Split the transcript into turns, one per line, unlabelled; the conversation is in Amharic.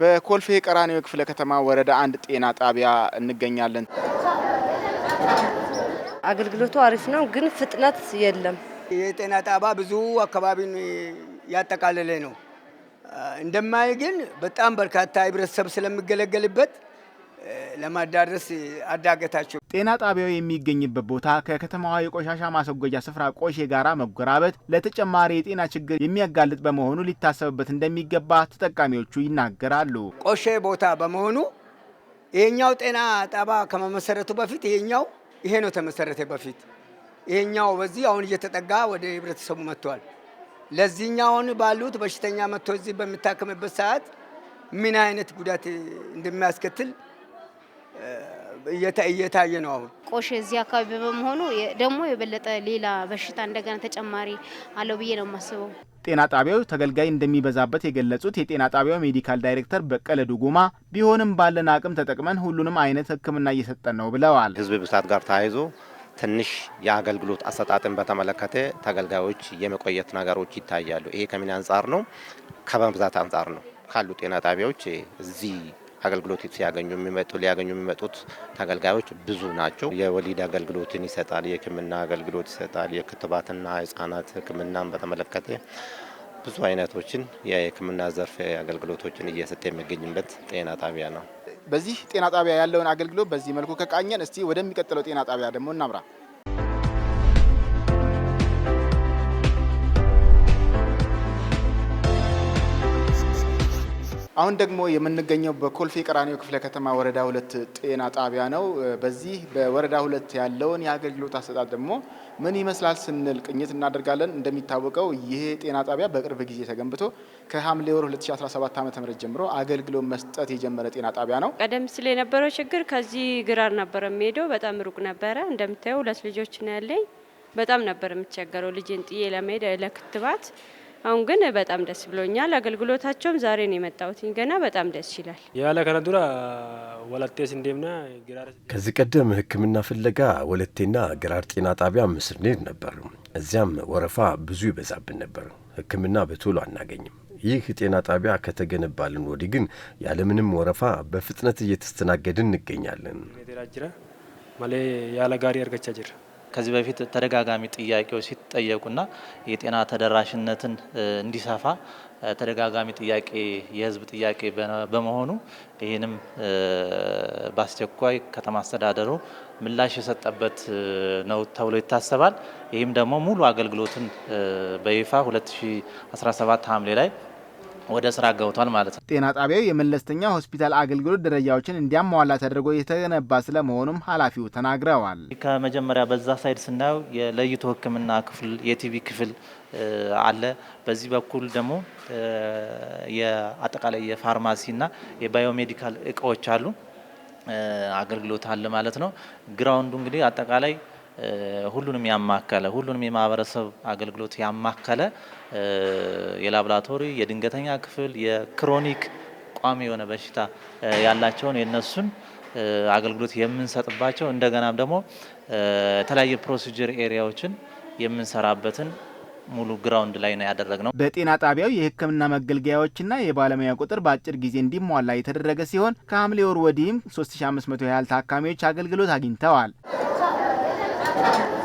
በኮልፌ ቀራኒዮ ክፍለ ከተማ ወረዳ አንድ ጤና ጣቢያ እንገኛለን።
አገልግሎቱ አሪፍ ነው፣ ግን ፍጥነት የለም።
የጤና ጣቢያ ብዙ አካባቢን ያጠቃለለ ነው። እንደማይ ግን በጣም በርካታ ህብረተሰብ ስለሚገለገልበት ለማዳረስ አዳገታቸው።
ጤና ጣቢያው የሚገኝበት ቦታ ከከተማዋ የቆሻሻ ማስወገጃ ስፍራ ቆሼ ጋራ መጎራበት ለተጨማሪ የጤና ችግር የሚያጋልጥ በመሆኑ ሊታሰብበት እንደሚገባ ተጠቃሚዎቹ ይናገራሉ።
ቆሼ ቦታ በመሆኑ ይሄኛው ጤና ጣቢያ ከመመሰረቱ በፊት ይሄኛው ይሄ ነው ተመሰረተ በፊት ይሄኛው በዚህ አሁን እየተጠጋ ወደ ህብረተሰቡ መጥቷል። ለዚህኛውን ባሉት በሽተኛ መጥቶ እዚህ በሚታከምበት ሰዓት ምን አይነት ጉዳት እንደሚያስከትል እየታየ ነው። አሁን
ቆሽ እዚህ አካባቢ በመሆኑ ደግሞ የበለጠ ሌላ በሽታ እንደገና ተጨማሪ አለው ብዬ ነው የማስበው።
ጤና ጣቢያው ተገልጋይ እንደሚበዛበት የገለጹት የጤና ጣቢያው ሜዲካል ዳይሬክተር በቀለ ዱጉማ፣ ቢሆንም ባለን አቅም ተጠቅመን ሁሉንም አይነት ሕክምና እየሰጠን ነው ብለዋል።
ህዝብ ብዛት ጋር ተያይዞ ትንሽ የአገልግሎት አሰጣጥን በተመለከተ ተገልጋዮች የመቆየት ነገሮች ይታያሉ። ይሄ ከምን አንጻር ነው? ከመብዛት አንጻር ነው ካሉ ጤና ጣቢያዎች እዚህ አገልግሎት ሲያገኙ የሚመጡ ሊያገኙ የሚመጡት ተገልጋዮች ብዙ ናቸው። የወሊድ አገልግሎትን ይሰጣል፣ የሕክምና አገልግሎት ይሰጣል። የክትባትና ሕጻናት ሕክምናን በተመለከተ ብዙ አይነቶችን የሕክምና ዘርፍ አገልግሎቶችን እየሰጠ የሚገኝበት ጤና ጣቢያ ነው።
በዚህ ጤና ጣቢያ ያለውን አገልግሎት በዚህ መልኩ ከቃኘን፣ እስቲ ወደሚቀጥለው ጤና ጣቢያ ደግሞ እናምራ። አሁን ደግሞ የምንገኘው በኮልፌ ቀራኒዮ ክፍለ ከተማ ወረዳ ሁለት ጤና ጣቢያ ነው። በዚህ በወረዳ ሁለት ያለውን የአገልግሎት አሰጣጥ ደግሞ ምን ይመስላል ስንል ቅኝት እናደርጋለን። እንደሚታወቀው ይህ ጤና ጣቢያ በቅርብ ጊዜ ተገንብቶ ከሐምሌ ወር 2017 ዓ ም ጀምሮ አገልግሎት መስጠት የጀመረ ጤና ጣቢያ ነው።
ቀደም ሲል የነበረው ችግር ከዚህ ግራር ነበረ የሚሄደው፣ በጣም ሩቅ ነበረ። እንደምታየው ሁለት ልጆች ነው ያለኝ። በጣም ነበር የምቸገረው ልጅን ጥዬ ለመሄድ ለክትባት አሁን ግን በጣም ደስ ብሎኛል። አገልግሎታቸውም ዛሬ ነው የመጣሁት ገና በጣም ደስ
ይላል።
ከዚህ ቀደም ሕክምና ፍለጋ ወለቴና ግራር ጤና ጣቢያ ስንሄድ ነበር። እዚያም ወረፋ ብዙ ይበዛብን ነበር። ሕክምና በቶሎ አናገኝም። ይህ ጤና ጣቢያ ከተገነባልን ወዲህ ግን ያለምንም ወረፋ በፍጥነት እየተስተናገድን እንገኛለን።
ከዚህ በፊት ተደጋጋሚ ጥያቄዎች ሲጠየቁና የጤና ተደራሽነትን እንዲሰፋ ተደጋጋሚ ጥያቄ የህዝብ ጥያቄ በመሆኑ ይህንም በአስቸኳይ ከተማ አስተዳደሩ ምላሽ የሰጠበት ነው ተብሎ ይታሰባል። ይህም ደግሞ ሙሉ አገልግሎትን በይፋ 2017 ሐምሌ ላይ ወደ ስራ ገብቷል ማለት ነው።
ጤና ጣቢያው የመለስተኛ ሆስፒታል አገልግሎት ደረጃዎችን እንዲያሟላ ተደርጎ የተገነባ ስለመሆኑም ኃላፊው ተናግረዋል።
ከመጀመሪያ በዛ ሳይድ ስናየው የለይቶ ሕክምና ክፍል የቲቪ ክፍል አለ። በዚህ በኩል ደግሞ የአጠቃላይ የፋርማሲና የባዮሜዲካል እቃዎች አሉ። አገልግሎት አለ ማለት ነው። ግራውንዱ እንግዲህ አጠቃላይ ሁሉንም ያማከለ ሁሉንም የማህበረሰብ አገልግሎት ያማከለ የላብራቶሪ፣ የድንገተኛ ክፍል፣ የክሮኒክ ቋሚ የሆነ በሽታ ያላቸውን የነሱን አገልግሎት የምንሰጥባቸው እንደገናም ደግሞ የተለያየ ፕሮሲጀር ኤሪያዎችን የምንሰራበትን ሙሉ ግራውንድ ላይ ነው ያደረግነው።
በጤና ጣቢያው የሕክምና መገልገያዎችና የባለሙያ ቁጥር በአጭር ጊዜ እንዲሟላ የተደረገ ሲሆን ከሐምሌ ወር ወዲህም 3500 ያህል ታካሚዎች አገልግሎት አግኝተዋል። Thank you.